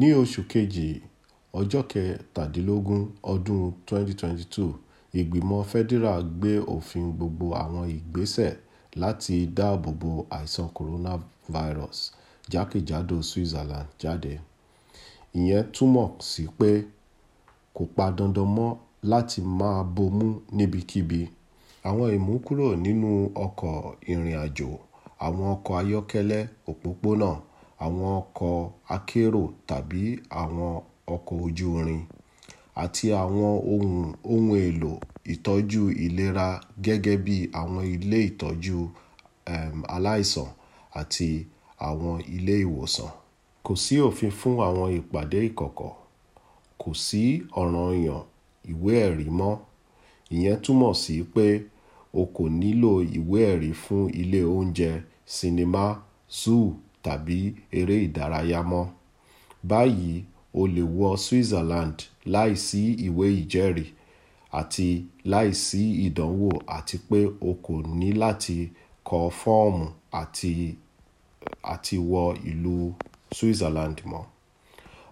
Ní oṣù kejì, ọjọ́ kẹtàdínlógún ọdún 2022, Ìgbìmọ̀ Federal gbé òfin gbogbo àwọn ìgbésẹ̀ láti dáàbò bo àìsàn coronavirus jákèjádò Switzerland jáde. Ìyẹn túmọ̀ sí pé kò pa dandan mọ́ láti máa bomú níbikíbi. Àwọn ìmúkúrò nínú ọkọ̀ ìrìnàjò, àwọn ọkọ̀ ayọ́kẹ́lẹ́, òpópónà àwọn ọkọ̀ akérò tàbí àwọn ọkọ̀ ojú irin, àti àwọn ohun, ohun èlò ìtọ́jú ìlera gẹ́gẹ́ bí àwọn ilé ìtọ́jú, ẹm, aláìsàn àti àwọn ilé ìwòsàn. Kò sí òfin fún àwọn ìpàdé ìkọ̀kọ̀. Kò sí ọ̀ranyàn ìwé ẹ̀rí mọ́. Ìyẹn túmọ̀ sí pé o kò nílò ìwé ẹ̀rí fún ilé oúnjẹ, sinimá, súù tàbí eré ìdárayá mọ́. Báyìí o lè wọ Switzerland láìsí ìwé ìjẹ́rìí àti láìsí ìdánwò àti pé o kò ní láti kọ fọ́ọ̀mù àti, àti wọ ìlú Switzerland mọ́.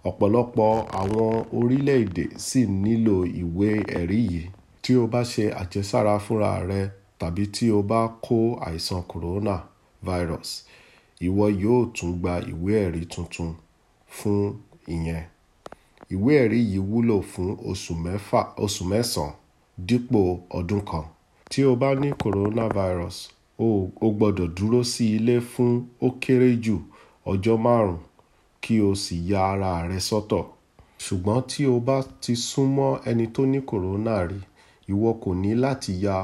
Ọ̀pọ̀lọpọ̀ àwọn orílẹ̀-èdè sì nílò ìwé ẹ̀rí yìí. Tí o bá ṣe àjẹsára fúnra rẹ tàbí tí o bá kó àìsàn kòrónà virus ìwọ yóò tún gba ìwé-ẹ̀rí tuntun fún ìyẹn. Ìwé-ẹ̀rí yìí wúlò fún oṣù mẹ́fà, oṣù mẹ́sàn-án dípò ọdún kan. Tí o bá ní coronavirus, o gbọdọ̀ dúró sí ilé fún ó kéré jù ọjọ́ márùn-ún kí o sì ya ara rẹ sọ́tọ̀. Ṣùgbọ́n tí o bá ti súnmọ́ ẹni tó ní corona rí, ìwọ kò ní láti ya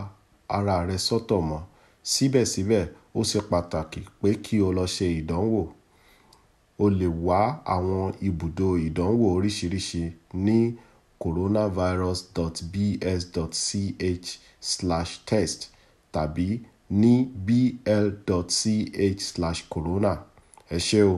ara rẹ sọ́tọ̀ mọ́. Síbẹ̀síbẹ̀, ó ṣe pàtàkì pé kí o lọ ṣe ìdánwò. o lè wá àwọn ibùdó ìdánwò oríṣiríṣi ní coronavirus.bs.ch/test tàbí ní bl.ch/corona. ẹ ṣé o